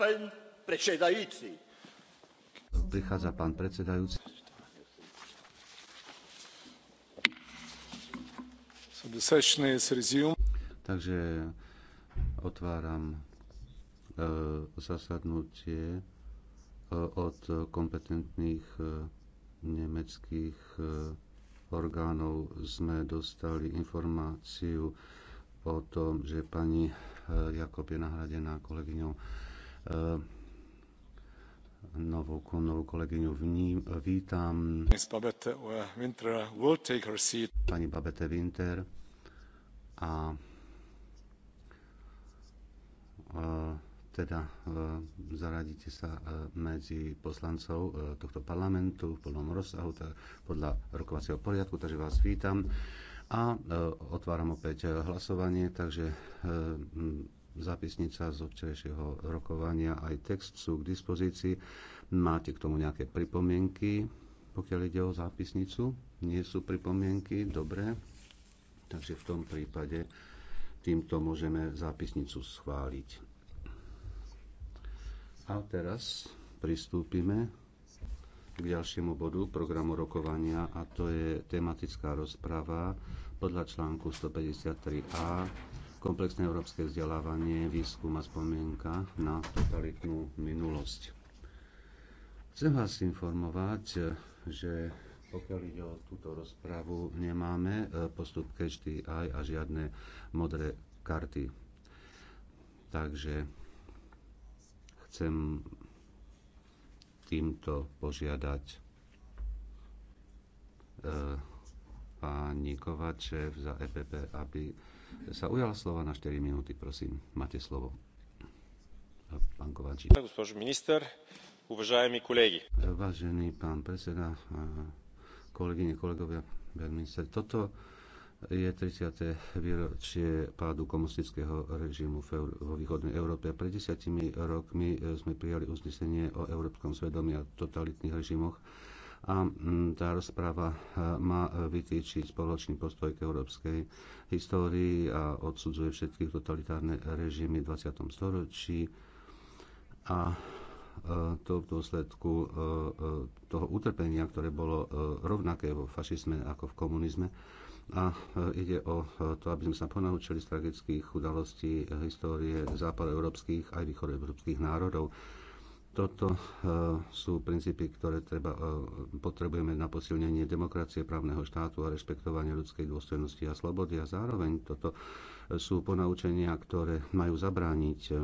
Pán predsedajúci. Prichádza pán predsedajúci. Takže otváram e, zasadnutie e, od kompetentných e, nemeckých orgánov sme dostali informáciu o tom, že pani Jakob je nahradená kolegyňou Ehm, novú, novú kolegyňu vním, vítam. Uh, Pani Babete Winter a e, teda e, zaradíte sa e, medzi poslancov tohto parlamentu v plnom rozsahu teda podľa rokovacieho poriadku, takže vás vítam. A otváram opäť hlasovanie, takže zápisnica zo včerajšieho rokovania aj text sú k dispozícii. Máte k tomu nejaké pripomienky, pokiaľ ide o zápisnicu? Nie sú pripomienky? Dobre. Takže v tom prípade týmto môžeme zápisnicu schváliť. A teraz pristúpime k ďalšiemu bodu programu rokovania a to je tematická rozprava podľa článku 153a komplexné európske vzdelávanie, výskum a spomienka na totalitnú minulosť. Chcem vás informovať, že pokiaľ ide o túto rozpravu, nemáme e, postup catch aj a žiadne modré karty. Takže chcem týmto požiadať e, pani Kovačev za EPP, aby sa ujala slova na 4 minúty. Prosím, máte slovo. Pán Kovačík. Gospodin minister, уважаеми kolegi. Vážený pán predseda, kolegyne, kolegovia, minister, toto je 30. výročie pádu komunistického režimu vo východnej Európe. Pred desiatimi rokmi sme prijali uznesenie o európskom svedomí a totalitných režimoch a mm, tá rozpráva e, má e, vytýčiť spoločný postoj k európskej histórii a odsudzuje všetky totalitárne režimy v 20. storočí a e, to v dôsledku toho utrpenia, ktoré bolo rovnaké vo fašizme ako v komunizme. A ide o to, aby sme sa ponaučili z tragických udalostí histórie západoeurópskych aj východoeurópskych národov toto e, sú princípy, ktoré treba, e, potrebujeme na posilnenie demokracie, právneho štátu a rešpektovanie ľudskej dôstojnosti a slobody. A zároveň toto e, sú ponaučenia, ktoré majú zabrániť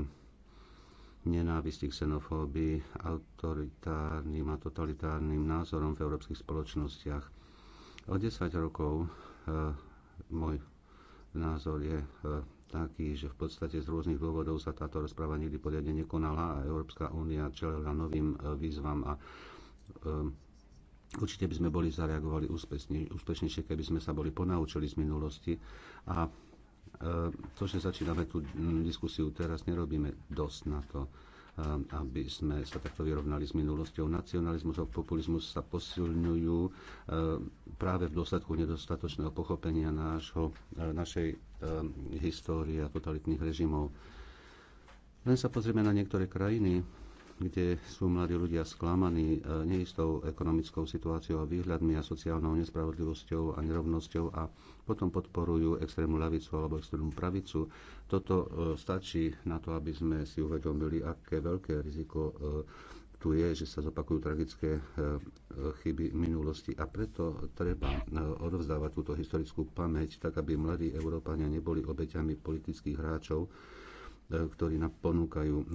nenávisti, xenofóbii, autoritárnym a totalitárnym názorom v európskych spoločnostiach. O 10 rokov môj názor je eh, taký, že v podstate z rôznych dôvodov sa táto rozpráva nikdy poriadne nekonala a Európska únia čelila novým eh, výzvam a eh, určite by sme boli zareagovali úspešne, úspešnejšie, keby sme sa boli ponaučili z minulosti a to, že začíname tú mm, diskusiu teraz, nerobíme dosť na to. Ehm, aby sme sa takto vyrovnali s minulosťou. Nacionalizmus a populizmus sa posilňujú ehm, práve v dôsledku nedostatočného pochopenia nášho, eh, našej ehm, histórie a totalitných režimov. Len sa pozrieme na niektoré krajiny, kde sú mladí ľudia sklamaní e, neistou ekonomickou situáciou a výhľadmi a sociálnou nespravodlivosťou a nerovnosťou a potom podporujú extrému ľavicu alebo extrému pravicu. Toto e, stačí na to, aby sme si uvedomili, aké veľké riziko e, tu je, že sa zopakujú tragické chyby minulosti a preto treba odovzdávať túto historickú pamäť, tak aby mladí Európania neboli obeťami politických hráčov, E, ktorí ponúkajú e,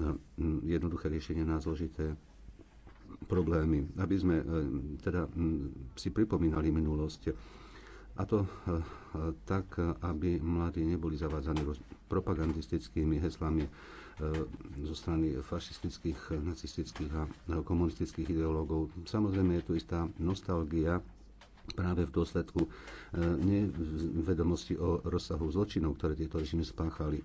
jednoduché riešenie na zložité problémy. Aby sme e, teda si pripomínali minulosť, a to tak, aby mladí neboli zavádzaní propagandistickými heslami zo strany fašistických, nacistických a komunistických ideológov. Samozrejme je tu istá nostalgia práve v dôsledku nevedomosti o rozsahu zločinov, ktoré tieto režimy spáchali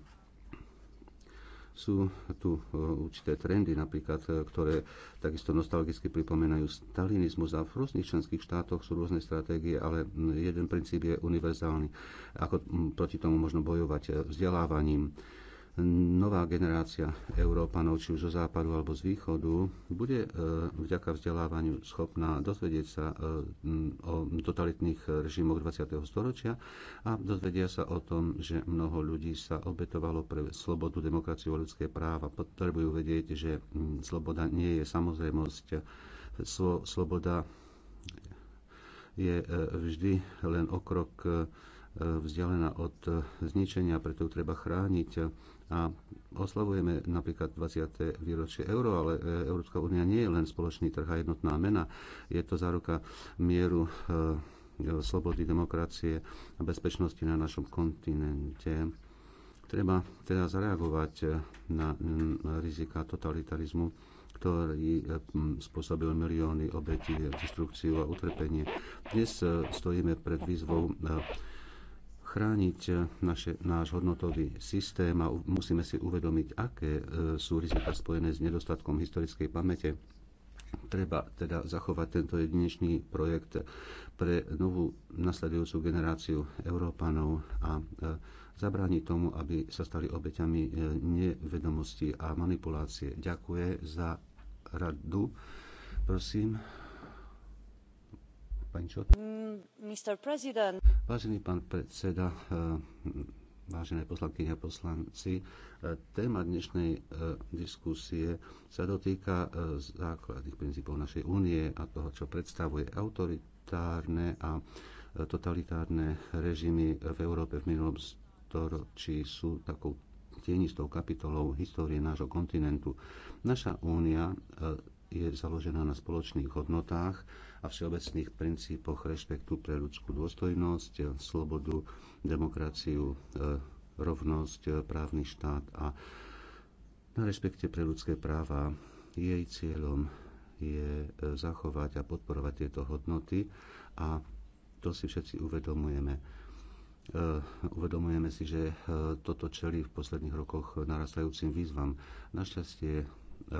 sú tu e, určité trendy, napríklad, e, ktoré takisto nostalgicky pripomínajú stalinizmus a v rôznych členských štátoch sú rôzne stratégie, ale jeden princíp je univerzálny. Ako proti tomu možno bojovať e, vzdelávaním, nová generácia Európanov, či už zo západu alebo z východu, bude e, vďaka vzdelávaniu schopná dozvedieť sa e, o totalitných režimoch 20. storočia a dozvedia sa o tom, že mnoho ľudí sa obetovalo pre slobodu, demokraciu a ľudské práva. Potrebujú vedieť, že sloboda nie je samozrejmosť. Sloboda je e, vždy len okrok vzdialená od zničenia, preto ju treba chrániť a oslavujeme napríklad 20. výročie euro, ale e, Európska únia nie je len spoločný trh a jednotná mena. Je to záruka mieru e, slobody, demokracie a bezpečnosti na našom kontinente. Treba teda zareagovať e, na rizika totalitarizmu, ktorý spôsobil milióny obetí, destrukciu a utrpenie. Dnes stojíme pred výzvou chrániť eh, naše, náš hodnotový systém a musíme si uvedomiť, aké eh, sú rizika spojené s nedostatkom historickej pamäte. Treba teda zachovať tento jedinečný projekt pre novú nasledujúcu generáciu Európanov a eh, zabrániť tomu, aby sa stali obeťami nevedomosti a manipulácie. Ďakujem za radu. Prosím. Pani Čotová. Vážený pán predseda, eh, vážené poslankyne a poslanci, eh, téma dnešnej eh, diskusie sa dotýka základných princípov našej únie a toho, čo predstavuje autoritárne a totalitárne režimy v Európe v minulom storočí sú takou tienistou kapitolou histórie nášho kontinentu. Naša únia je založená na spoločných hodnotách a všeobecných princípoch rešpektu pre ľudskú dôstojnosť, slobodu, demokraciu, e, rovnosť, e, právny štát a na rešpekte pre ľudské práva. Jej cieľom je e, zachovať a podporovať tieto hodnoty a to si všetci uvedomujeme. Uvedomujeme si, že toto čelí v posledných rokoch narastajúcim výzvam. Našťastie E,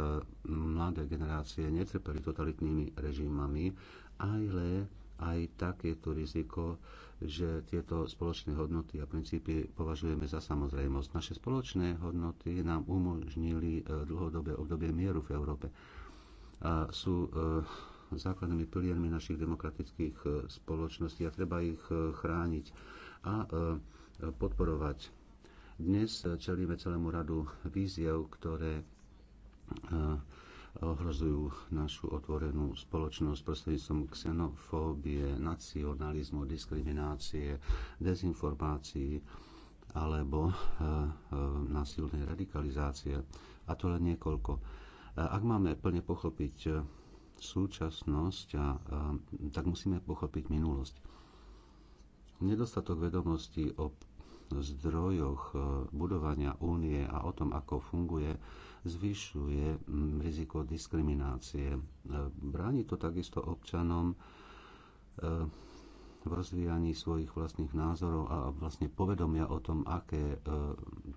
mladé generácie netrpeli totalitnými režimami, ale aj tak je tu riziko, že tieto spoločné hodnoty a princípy považujeme za samozrejmosť. Naše spoločné hodnoty nám umožnili e, dlhodobé obdobie mieru v Európe. A sú e, základnými piliermi našich demokratických spoločností a treba ich chrániť a podporovať. Dnes čelíme celému radu víziev, ktoré ohrozujú našu otvorenú spoločnosť prostredníctvom xenofóbie, nacionalizmu, diskriminácie, dezinformácií alebo e, e, násilnej radikalizácie. A to len niekoľko. E, ak máme plne pochopiť súčasnosť, a, tak musíme pochopiť minulosť. Nedostatok vedomostí o zdrojoch budovania únie a o tom, ako funguje, zvyšuje mm, riziko diskriminácie. E, bráni to takisto občanom e, v rozvíjaní svojich vlastných názorov a vlastne povedomia o tom, aké, e,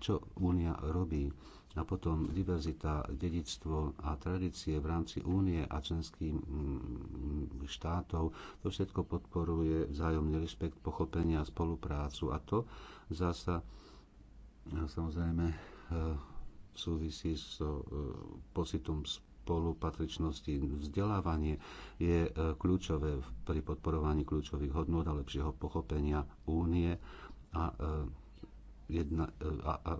čo Únia robí. A potom diverzita, dedictvo a tradície v rámci Únie a členských mm, štátov. To všetko podporuje vzájomný rešpekt, pochopenie a spoluprácu. A to zasa samozrejme súvisí s so e, pocitom spolupatričnosti. Vzdelávanie je e, kľúčové pri podporovaní kľúčových hodnot a lepšieho pochopenia únie a, e, jedna, a, a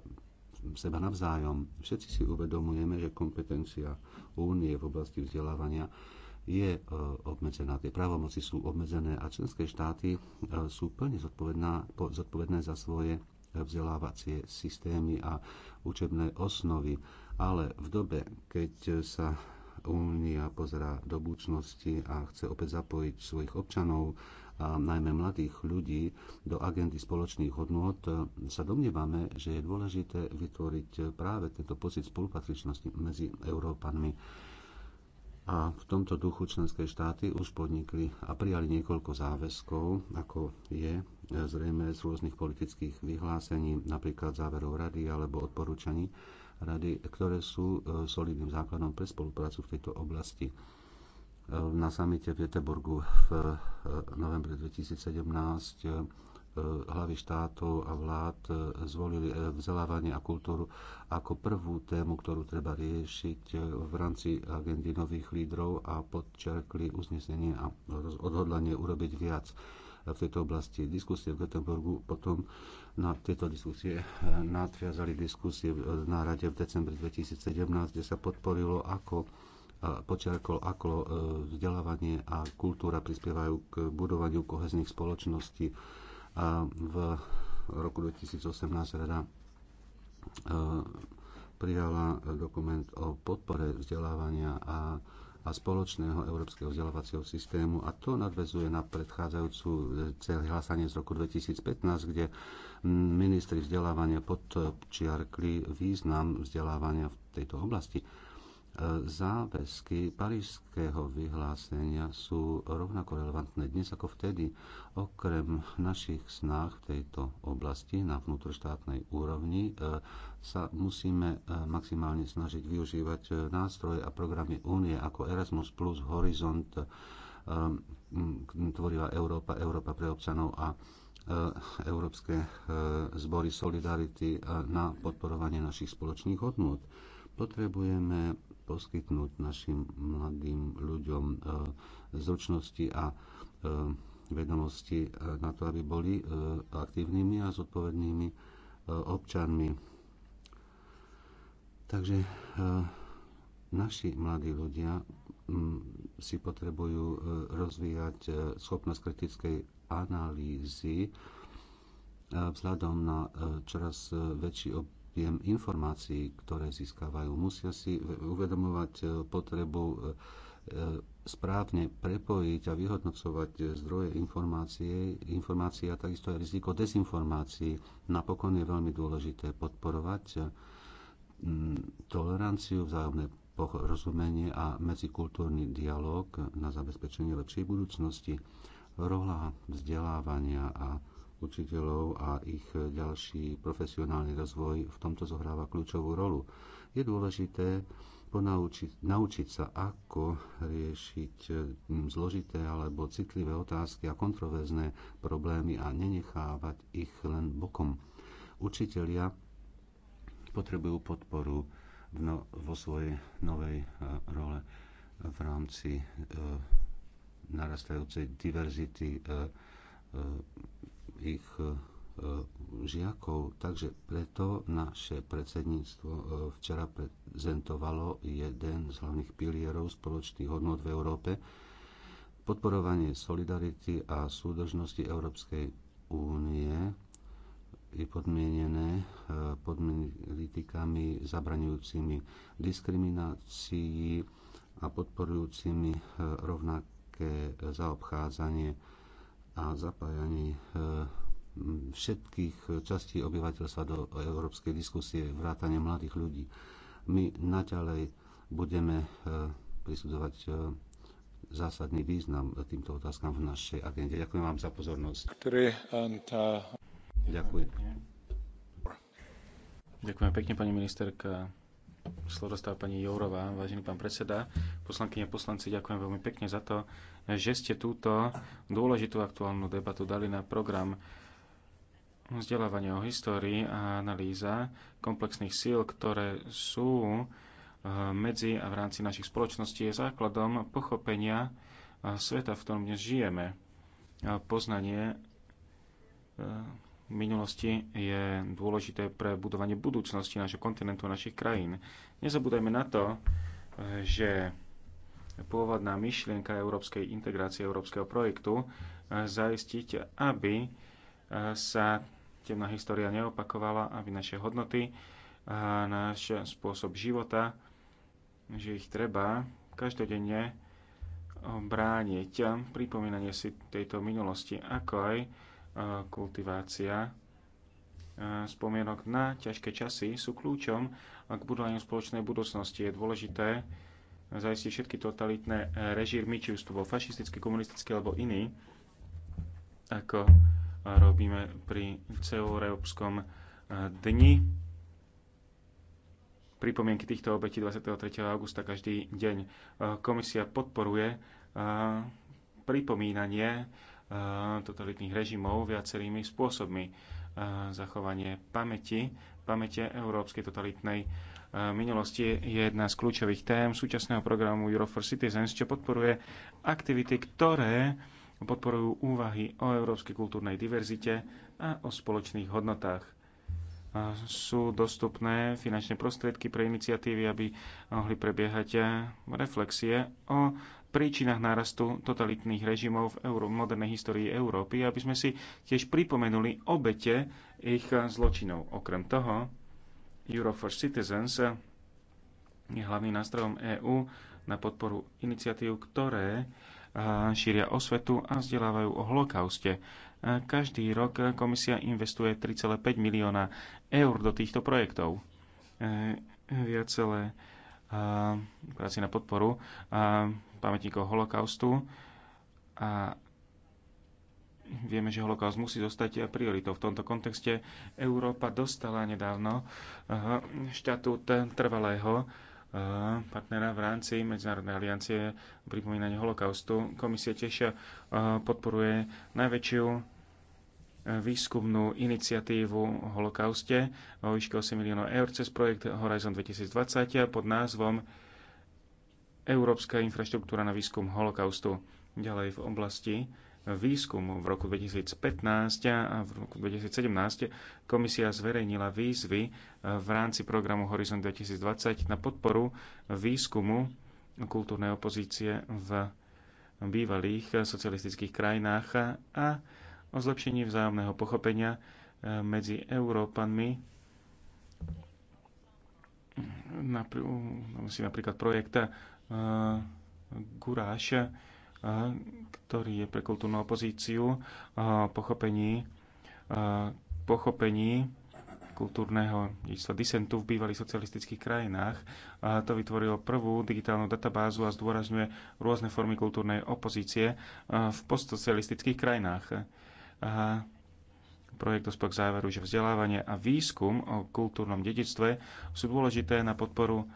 seba navzájom. Všetci si uvedomujeme, že kompetencia únie v oblasti vzdelávania je obmedzená. Tie právomoci sú obmedzené a členské štáty sú plne zodpovedné za svoje vzdelávacie systémy a učebné osnovy. Ale v dobe, keď sa Únia pozerá do budúcnosti a chce opäť zapojiť svojich občanov, a najmä mladých ľudí, do agendy spoločných hodnôt, sa domnievame, že je dôležité vytvoriť práve tento pocit spolupatričnosti medzi Európanmi a v tomto duchu členské štáty už podnikli a prijali niekoľko záväzkov, ako je e, zrejme z rôznych politických vyhlásení, napríklad záverov rady alebo odporúčaní rady, ktoré sú e, solidným základom pre spoluprácu v tejto oblasti. E, na samite v Jeteborgu v novembri 2017 E, hlavy štátov a vlád e, zvolili e, vzdelávanie a kultúru ako prvú tému, ktorú treba riešiť v rámci agendy nových lídrov a podčerkli uznesenie a odhodlanie urobiť viac v tejto oblasti. Diskusie v Göteborgu potom na tieto diskusie nadviazali diskusie na rade v decembri 2017, kde sa podporilo, ako počiarkol, ako vzdelávanie a kultúra prispievajú k budovaniu kohezných spoločností a v roku 2018 rada e, prijala dokument o podpore vzdelávania a, a spoločného európskeho vzdelávacieho systému a to nadvezuje na predchádzajúcu e, hlasanie z roku 2015, kde ministri vzdelávania podčiarkli význam vzdelávania v tejto oblasti záväzky parížského vyhlásenia sú rovnako relevantné dnes ako vtedy. Okrem našich snách v tejto oblasti na vnútroštátnej úrovni e, sa musíme e, maximálne snažiť využívať e, nástroje a programy únie ako Erasmus+, plus Horizont, Tvorivá Európa, Európa pre občanov a Európske zbory Solidarity na podporovanie našich spoločných hodnot. Potrebujeme poskytnúť našim mladým ľuďom e, zručnosti a e, vedomosti e, na to, aby boli aktívnymi a zodpovednými občanmi. Takže naši mladí ľudia si potrebujú rozvíjať schopnosť kritickej analýzy vzhľadom na čoraz väčší ob príjem informácií, ktoré získavajú. Musia si uvedomovať e, potrebu e, e, správne prepojiť a vyhodnocovať zdroje informácie, informácie a takisto aj riziko dezinformácií. Napokon je veľmi dôležité podporovať toleranciu, vzájomné porozumenie a medzikultúrny dialog na zabezpečenie lepšej budúcnosti. Rola vzdelávania a učiteľov a ich ďalší profesionálny rozvoj v tomto zohráva kľúčovú rolu. Je dôležité ponaučiť, naučiť sa, ako riešiť mm, zložité alebo citlivé otázky a kontroverzné problémy a nenechávať ich len bokom. Učitelia potrebujú podporu v no, vo svojej novej e, role v rámci e, narastajúcej diverzity e, ich e, žiakov. Takže preto naše predsedníctvo e, včera prezentovalo jeden z hlavných pilierov spoločných hodnot v Európe, podporovanie solidarity a súdržnosti Európskej únie je podmienené e, politikami zabraňujúcimi diskriminácii a podporujúcimi rovnaké zaobchádzanie a zapájanie eh, všetkých častí obyvateľstva do európskej diskusie, vrátane mladých ľudí. My naďalej budeme eh, prisudzovať eh, zásadný význam týmto otázkam v našej agende. Ďakujem vám za pozornosť. Ďakujem. Ďakujem pekne, pani ministerka slovo dostáva pani Jourová. Vážený pán predseda, poslankyne poslanci, ďakujem veľmi pekne za to, že ste túto dôležitú aktuálnu debatu dali na program vzdelávania o histórii a analýza komplexných síl, ktoré sú eh, medzi a v rámci našich spoločností je základom pochopenia eh, sveta, v ktorom dnes žijeme. Poznanie eh, minulosti je dôležité pre budovanie budúcnosti nášho kontinentu a našich krajín. Nezabúdajme na to, že pôvodná myšlienka európskej integrácie, európskeho projektu zaistiť, aby sa temná história neopakovala, aby naše hodnoty, a náš spôsob života, že ich treba každodenne brániť. Pripomínanie si tejto minulosti, ako aj kultivácia spomienok na ťažké časy sú kľúčom k budovaniu spoločnej budúcnosti. Je dôležité zaistiť všetky totalitné režimy, či už to bol fašistický, komunistický alebo iný, ako robíme pri celoeurópskom dni. Pripomienky týchto obetí 23. augusta každý deň. Komisia podporuje pripomínanie totalitných režimov viacerými spôsobmi. Zachovanie pamäti, pamäte európskej totalitnej minulosti je jedna z kľúčových tém súčasného programu Euro for Citizens, čo podporuje aktivity, ktoré podporujú úvahy o európskej kultúrnej diverzite a o spoločných hodnotách sú dostupné finančné prostriedky pre iniciatívy, aby mohli prebiehať reflexie o príčinách nárastu totalitných režimov v Euró- modernej histórii Európy, aby sme si tiež pripomenuli obete ich zločinov. Okrem toho, Euro for Citizens je hlavným nástrojom EÚ na podporu iniciatív, ktoré šíria osvetu a vzdelávajú o holokauste. Každý rok komisia investuje 3,5 milióna eur do týchto projektov. 2,5 e, práci na podporu pamätníkov holokaustu. A vieme, že holokaust musí zostať prioritou. V tomto kontexte Európa dostala nedávno e, štatút trvalého e, partnera v rámci Medzinárodnej aliancie pripomínania holokaustu. Komisia tiež e, podporuje najväčšiu výskumnú iniciatívu o holokauste o výške 8 miliónov eur cez projekt Horizon 2020 pod názvom Európska infraštruktúra na výskum holokaustu. Ďalej v oblasti výskumu v roku 2015 a v roku 2017 komisia zverejnila výzvy v rámci programu Horizon 2020 na podporu výskumu kultúrnej opozície v bývalých socialistických krajinách a o zlepšení vzájomného pochopenia e, medzi Európanmi. Napr- si napríklad projekt uh, Guráš, uh, ktorý je pre kultúrnu opozíciu uh, pochopení, uh, pochopení kultúrneho dedičstva disentu v bývalých socialistických krajinách. A to vytvorilo prvú digitálnu databázu a zdôrazňuje rôzne formy kultúrnej opozície v postsocialistických krajinách a projekt dospel k záveru, že vzdelávanie a výskum o kultúrnom dedictve sú dôležité na podporu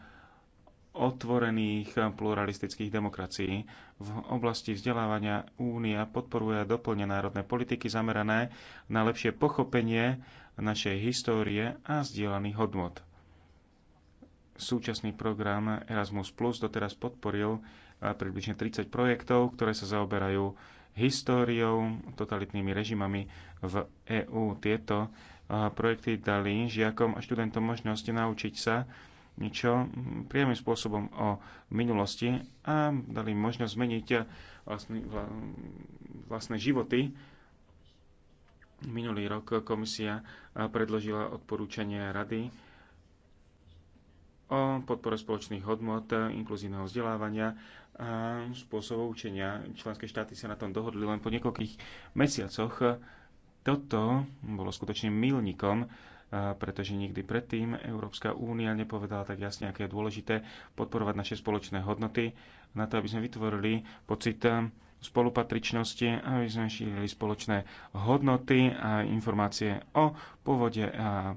otvorených pluralistických demokracií. V oblasti vzdelávania Únia podporuje doplne národné politiky zamerané na lepšie pochopenie našej histórie a zdieľaných hodnot. Súčasný program Erasmus Plus doteraz podporil približne 30 projektov, ktoré sa zaoberajú históriou, totalitnými režimami v EÚ. Tieto projekty dali žiakom a študentom možnosť naučiť sa niečo priamým spôsobom o minulosti a dali možnosť zmeniť vlastne, vlastné životy. Minulý rok komisia predložila odporúčanie rady o podpore spoločných hodnot, inkluzívneho vzdelávania a spôsobov učenia. Členské štáty sa na tom dohodli len po niekoľkých mesiacoch. Toto bolo skutočným milníkom, pretože nikdy predtým Európska únia nepovedala tak jasne, aké je dôležité podporovať naše spoločné hodnoty na to, aby sme vytvorili pocit spolupatričnosti, aby sme šírili spoločné hodnoty a informácie o pôvode a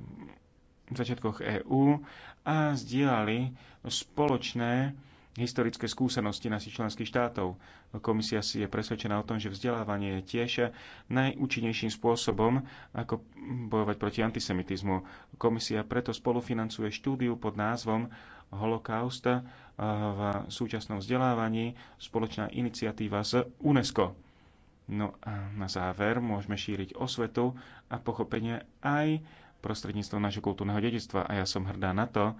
začiatkoch EÚ a zdieľali spoločné historické skúsenosti našich členských štátov. Komisia si je presvedčená o tom, že vzdelávanie je tiež najúčinnejším spôsobom, ako bojovať proti antisemitizmu. Komisia preto spolufinancuje štúdiu pod názvom Holokaust v súčasnom vzdelávaní spoločná iniciatíva z UNESCO. No a na záver môžeme šíriť osvetu a pochopenie aj prostredníctvom našho kultúrneho dedictva. A ja som hrdá na to,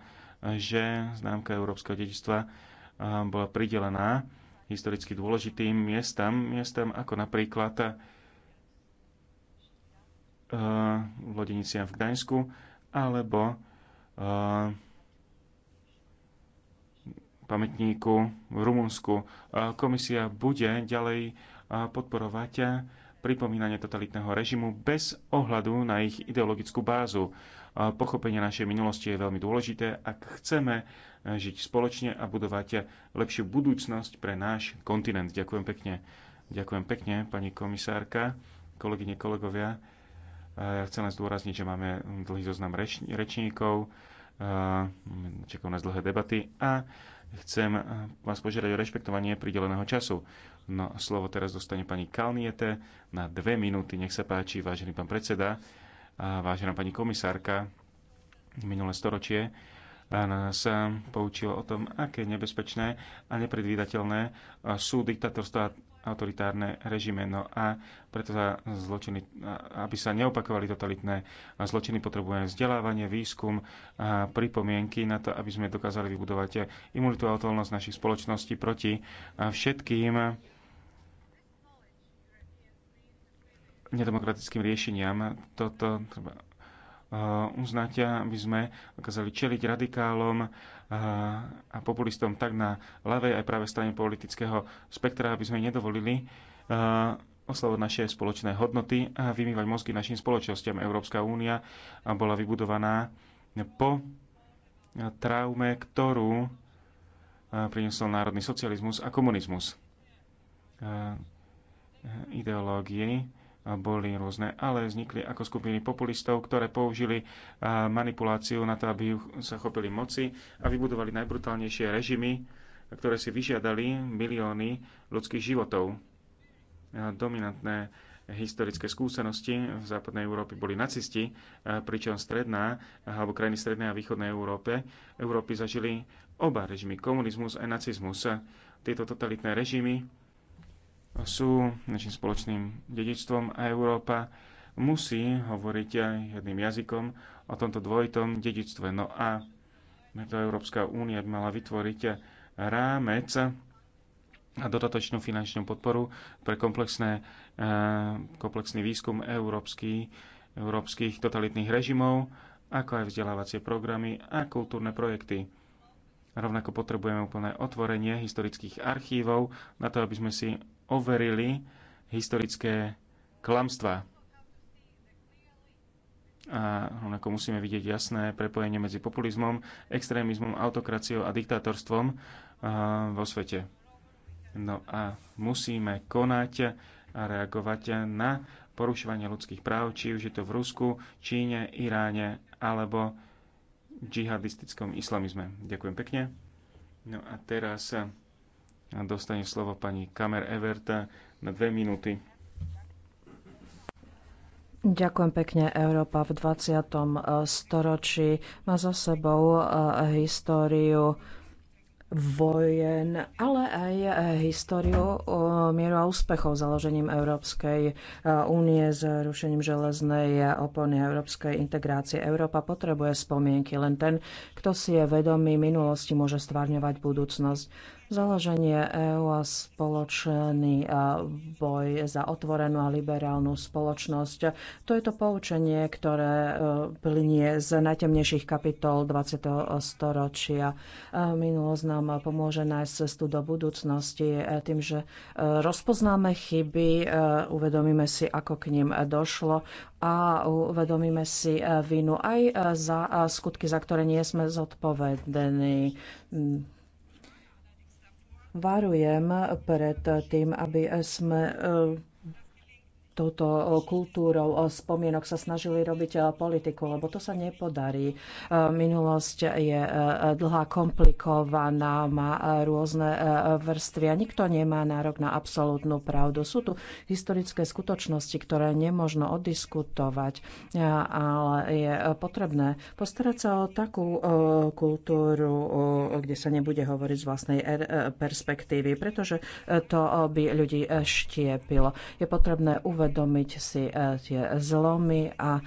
že známka európskeho dedictva bola pridelená historicky dôležitým miestam, miestam ako napríklad uh, Lodeniciam v Gdaňsku alebo uh, pamätníku v Rumunsku. Uh, komisia bude ďalej uh, podporovať pripomínanie totalitného režimu bez ohľadu na ich ideologickú bázu. Pochopenie našej minulosti je veľmi dôležité, ak chceme eh, žiť spoločne a budovať lepšiu budúcnosť pre náš kontinent. Ďakujem pekne. Ďakujem pekne, pani komisárka, kolegyne, kolegovia. Eh, ja chcem len zdôrazniť, že máme dlhý zoznam reč- rečníkov, eh, čakajú nás dlhé debaty a chcem vás požiadať o rešpektovanie prideleného času. No, slovo teraz dostane pani Kalniete na dve minúty. Nech sa páči, vážený pán predseda, a vážená pani komisárka. Minulé storočie nás poučilo o tom, aké nebezpečné a nepredvídateľné sú diktatorstva a autoritárne režime. No a preto sa zločiny, aby sa neopakovali totalitné zločiny, potrebujeme vzdelávanie, výskum a pripomienky na to, aby sme dokázali vybudovať imunitu a odolnosť našich spoločností proti všetkým nedemokratickým riešeniam. Toto treba eh, uznať, aby sme dokázali čeliť radikálom eh, a populistom tak na ľavej aj práve strane politického spektra, aby sme nedovolili eh, oslovať naše spoločné hodnoty a vymývať mozgy našim spoločnosťam. Európska únia bola vybudovaná po traume, ktorú priniesol národný socializmus a komunizmus. Ideológie boli rôzne, ale vznikli ako skupiny populistov, ktoré použili manipuláciu na to, aby sa chopili moci a vybudovali najbrutálnejšie režimy, ktoré si vyžiadali milióny ľudských životov. Dominantné historické skúsenosti v západnej Európe boli nacisti, pričom stredná, alebo krajiny strednej a východnej Európe, Európy zažili oba režimy, komunizmus a nacizmus. Tieto totalitné režimy sú našim spoločným dedičstvom a Európa musí hovoriť aj jedným jazykom o tomto dvojitom dedičstve. No a to Európska únia by mala vytvoriť rámec a dodatočnú finančnú podporu pre komplexné, eh, komplexný výskum európsky, európskych totalitných režimov, ako aj vzdelávacie programy a kultúrne projekty. Rovnako potrebujeme úplné otvorenie historických archívov na to, aby sme si overili historické klamstva. A rovnako musíme vidieť jasné prepojenie medzi populizmom, extrémizmom, autokraciou a diktátorstvom vo svete. No a musíme konať a reagovať na porušovanie ľudských práv, či už je to v Rusku, Číne, Iráne alebo džihadistickom islamizme. Ďakujem pekne. No a teraz dostane slovo pani Kamer Everta na dve minúty. Ďakujem pekne. Európa v 20. E, storočí má za sebou e, históriu vojen, ale aj e, históriu mieru a úspechov založením Európskej únie s rušením železnej opony európskej integrácie. Európa potrebuje spomienky, len ten, kto si je vedomý minulosti, môže stvárňovať budúcnosť. Založenie EÚ a spoločný e, boj za otvorenú a liberálnu spoločnosť. To je to poučenie, ktoré e, plinie z najtemnejších kapitol 20. storočia. E, minulosť nám pomôže nájsť cestu do budúcnosti tým, že rozpoznáme chyby, uvedomíme si, ako k ním došlo a uvedomíme si vinu aj za skutky, za ktoré nie sme zodpovední varujem pred tým, aby sme touto e, kultúrou e, spomienok sa snažili robiť e, politiku, lebo to sa nepodarí. Minulosť je dlhá, komplikovaná, má rôzne vrstvy a nikto nemá nárok na absolútnu pravdu. Sú tu historické skutočnosti, ktoré nemožno oddiskutovať, ale je potrebné postarať sa o takú kultúru, kde sa nebude hovoriť z vlastnej er, perspektívy, pretože to by ľudí štiepilo. Je potrebné uvedomiť, uvedomiť si e, tie zlomy a e,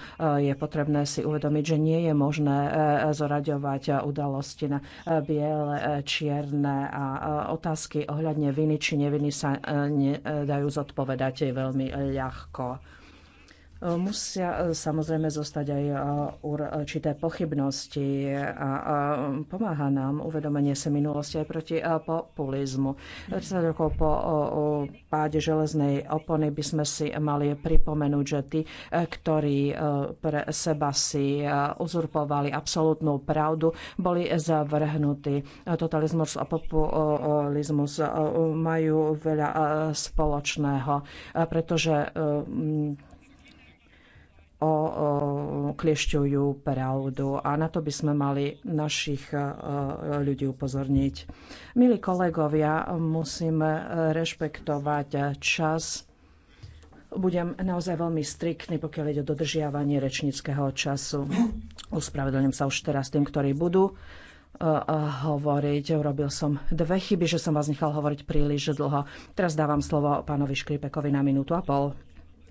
je potrebné si uvedomiť, že nie je možné e, zoraďovať udalosti na biele, čierne a otázky ohľadne viny či neviny sa nedajú zodpovedať veľmi ľahko. Musia e, samozrejme zostať aj e, určité pochybnosti a pomáha nám uvedomenie si minulosti aj proti e, populizmu. 30 rokov po páde železnej opony by sme si mali pripomenúť, že tí, ktorí pre seba si uzurpovali absolútnu pravdu, boli zavrhnutí. Totalizmus a populizmus majú veľa spoločného, pretože o kliešťujú pravdu a na to by sme mali našich e, ľudí upozorniť. Milí kolegovia, musíme rešpektovať čas. Budem naozaj veľmi striktný, pokiaľ ide o dodržiavanie rečníckého času. Uspravedlňujem sa už teraz tým, ktorí budú e, e, hovoriť. Urobil som dve chyby, že som vás nechal hovoriť príliš dlho. Teraz dávam slovo pánovi Škripekovi na minútu a pol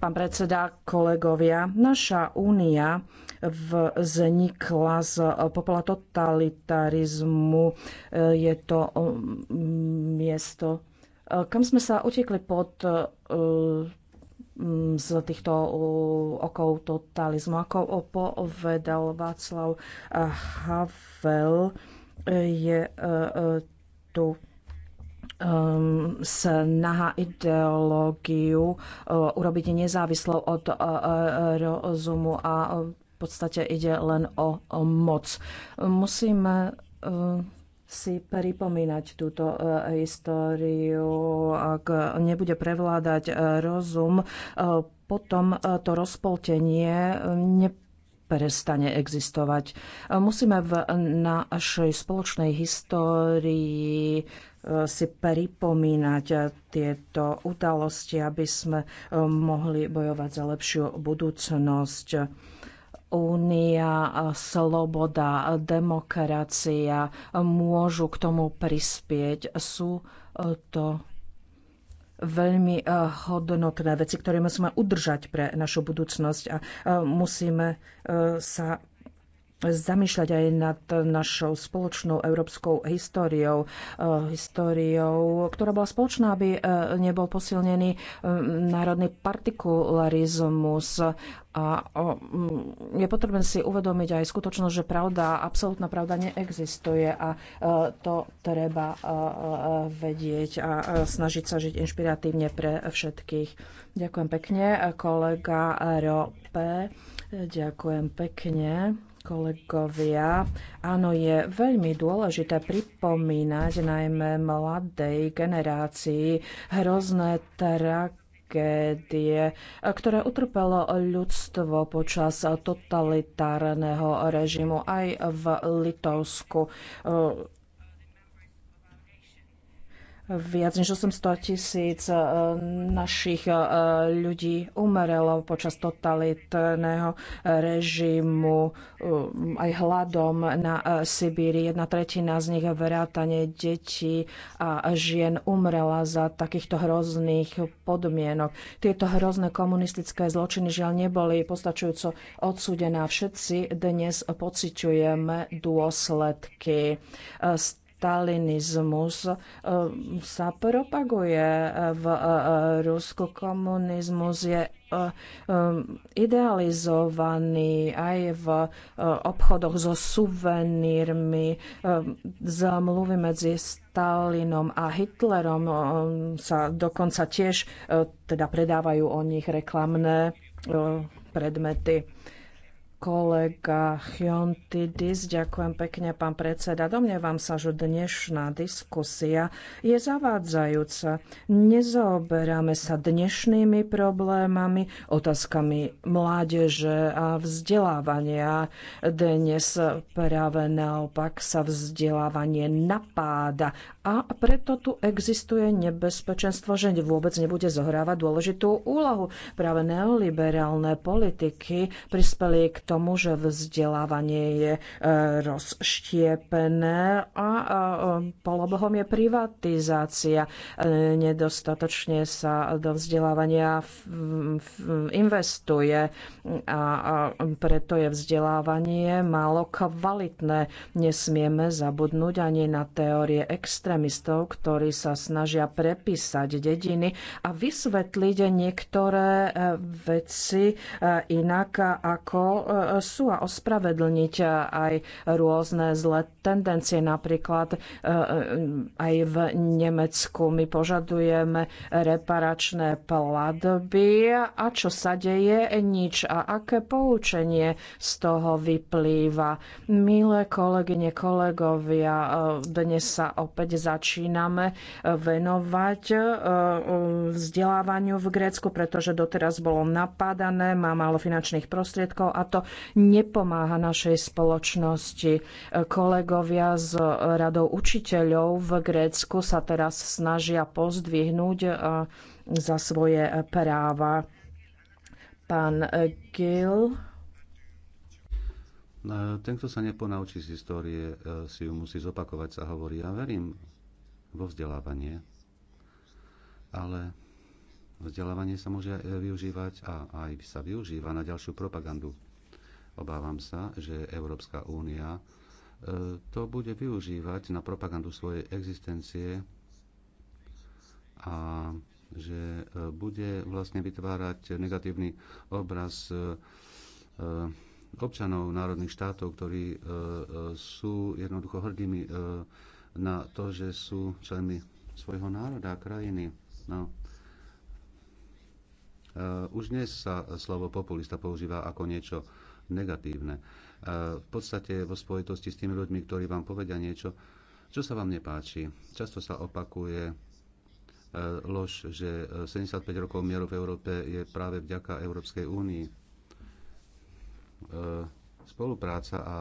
Pán predseda, kolegovia, naša únia vznikla z popola totalitarizmu. Je to mm, miesto, kam sme sa utekli pod mm, z týchto mm, okov totalizmu. Ako povedal Václav Havel, je e, e, tu um, snaha ideológiu uh, urobiť nezávislou od uh, uh, rozumu a v podstate ide len o, o moc. Musíme uh, si pripomínať túto uh, históriu, ak nebude prevládať uh, rozum, potom to rozpoltenie ne prestane existovať. Musíme v našej spoločnej histórii e, si pripomínať tieto udalosti, aby sme e, mohli bojovať za lepšiu budúcnosť. Únia, sloboda, demokracia môžu k tomu prispieť. Sú e, to veľmi eh, hodnotné veci, ktoré musíme udržať pre našu budúcnosť a eh, musíme eh, sa zamýšľať aj nad našou spoločnou európskou históriou, eh, históriou, ktorá bola spoločná, aby eh, nebol posilnený eh, národný partikularizmus. A mm, je potrebné si uvedomiť aj skutočnosť, že pravda, absolútna pravda neexistuje a to treba vedieť a snažiť sa žiť inšpiratívne pre všetkých. Ďakujem pekne, kolega Rope. Ďakujem pekne kolegovia. Áno, je veľmi dôležité pripomínať najmä mladej generácii hrozné trak tragédie, ktoré utrpelo ľudstvo počas totalitárneho režimu aj v Litovsku. Viac než 800 tisíc e, našich e, ľudí umerelo počas totalitného e, režimu aj hladom na Sibíri. Jedna tretina z nich vrátane detí a žien umrela za takýchto hrozných podmienok. Tieto hrozné komunistické zločiny žiaľ neboli postačujúco odsúdené. Všetci dnes pociťujeme dôsledky. Z stalinizmus eh, sa propaguje eh, v eh, Rusku. Komunizmus je idealizovaný aj v obchodoch so suvenírmi. Zamluvy medzi Stalinom a Hitlerom sa dokonca tiež teda predávajú o nich reklamné predmety kolega Chiontidis. Ďakujem pekne, pán predseda. Domnievam sa, že dnešná diskusia je zavádzajúca. Nezaoberáme sa dnešnými problémami, otázkami mládeže a vzdelávania. Dnes práve naopak sa vzdelávanie napáda a preto tu existuje nebezpečenstvo, že vôbec nebude zohrávať dôležitú úlohu. Práve neoliberálne politiky prispeli k tomu, že vzdelávanie je e, rozštiepené a e, polobohom je privatizácia. E, Nedostatočne sa do vzdelávania investuje a preto je vzdelávanie málo kvalitné. Nesmieme zabudnúť ani na teórie extrémistov, ktorí sa snažia prepísať dediny a vysvetliť niektoré veci inak, ako sú a ospravedlniť aj rôzne zlé tendencie. Napríklad e, e, aj v Nemecku my požadujeme reparačné platby a čo sa deje? Nič. A aké poučenie z toho vyplýva? Milé kolegyne, kolegovia, e, dnes sa opäť začíname venovať vzdelávaniu v Grécku, pretože doteraz bolo napadané, má málo finančných prostriedkov a to nepomáha našej spoločnosti. Kolegovia z radou učiteľov v Grécku sa teraz snažia pozdvihnúť e, za svoje práva. Pán Gil. Ten, kto sa neponaučí z histórie, e, si ju musí zopakovať, sa hovorí. Ja verím vo vzdelávanie, ale vzdelávanie sa môže využívať a aj sa využíva na ďalšiu propagandu. Obávam sa, že Európska únia e, to bude využívať na propagandu svojej existencie a že e, bude vlastne vytvárať negatívny obraz e, občanov národných štátov, ktorí sú jednoducho hrdými na to, že sú členmi svojho národa a krajiny. No. Už dnes sa slovo populista používa ako niečo negatívne. V podstate vo spojitosti s tými ľuďmi, ktorí vám povedia niečo, čo sa vám nepáči. Často sa opakuje e, lož, že 75 e, rokov mieru v Európe je práve vďaka Európskej únii. E, spolupráca a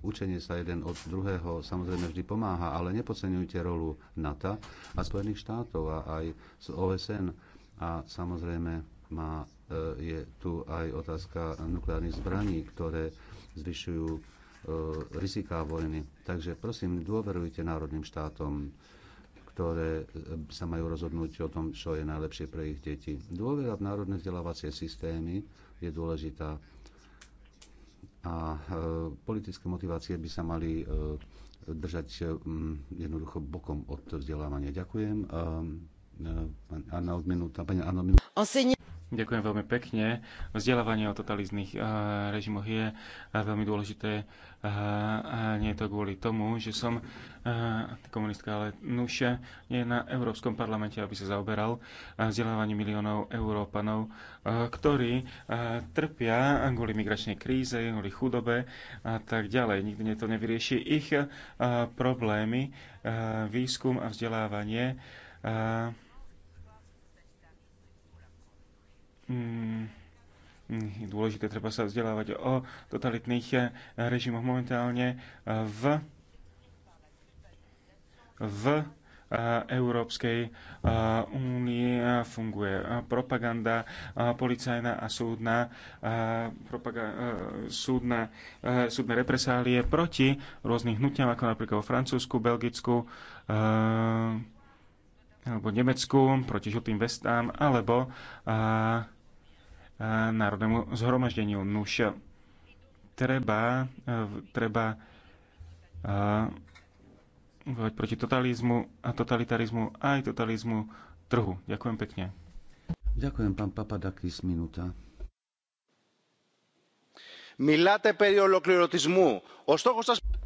učenie sa jeden od druhého samozrejme vždy pomáha, ale nepodceňujte rolu NATO a Spojených štátov a aj z OSN. A samozrejme má E, je tu aj otázka nukleárnych zbraní, ktoré zvyšujú e, riziká vojny. Takže prosím, dôverujte národným štátom, ktoré e, sa majú rozhodnúť o tom, čo je najlepšie pre ich deti. Dôvera v národné vzdelávacie systémy je dôležitá a politické motivácie by sa mali držať jednoducho bokom od vzdelávania. Ďakujem. Anna, minúta, pani Anna, minúta. Ďakujem veľmi pekne. Vzdelávanie o totalizných eh, režimoch je eh, veľmi dôležité. Eh, nie je to kvôli tomu, že som komunistka, ale nuše je na Európskom parlamente, aby sa zaoberal vzdelávaním miliónov Európanov, ktorí trpia kvôli migračnej kríze, kvôli chudobe a tak ďalej. Nikdy to nevyrieši ich problémy, výskum a vzdelávanie Mm, mm, dôležité, treba sa vzdelávať o totalitných eh, režimoch momentálne v, v eh, Európskej eh, únie funguje propaganda policajná a súdna, propaga- súdna, súdne represálie proti rôznych hnutiam, ako napríklad vo Francúzsku, Belgicku alebo Nemecku, proti žltým vestám, alebo E, národnému zhromaždeniu. Nuž treba, e, treba e, bojovať proti totalizmu a totalitarizmu aj totalizmu trhu. Ďakujem pekne. Ďakujem, pán Papadakis, minúta. Miláte Ostoho sa... O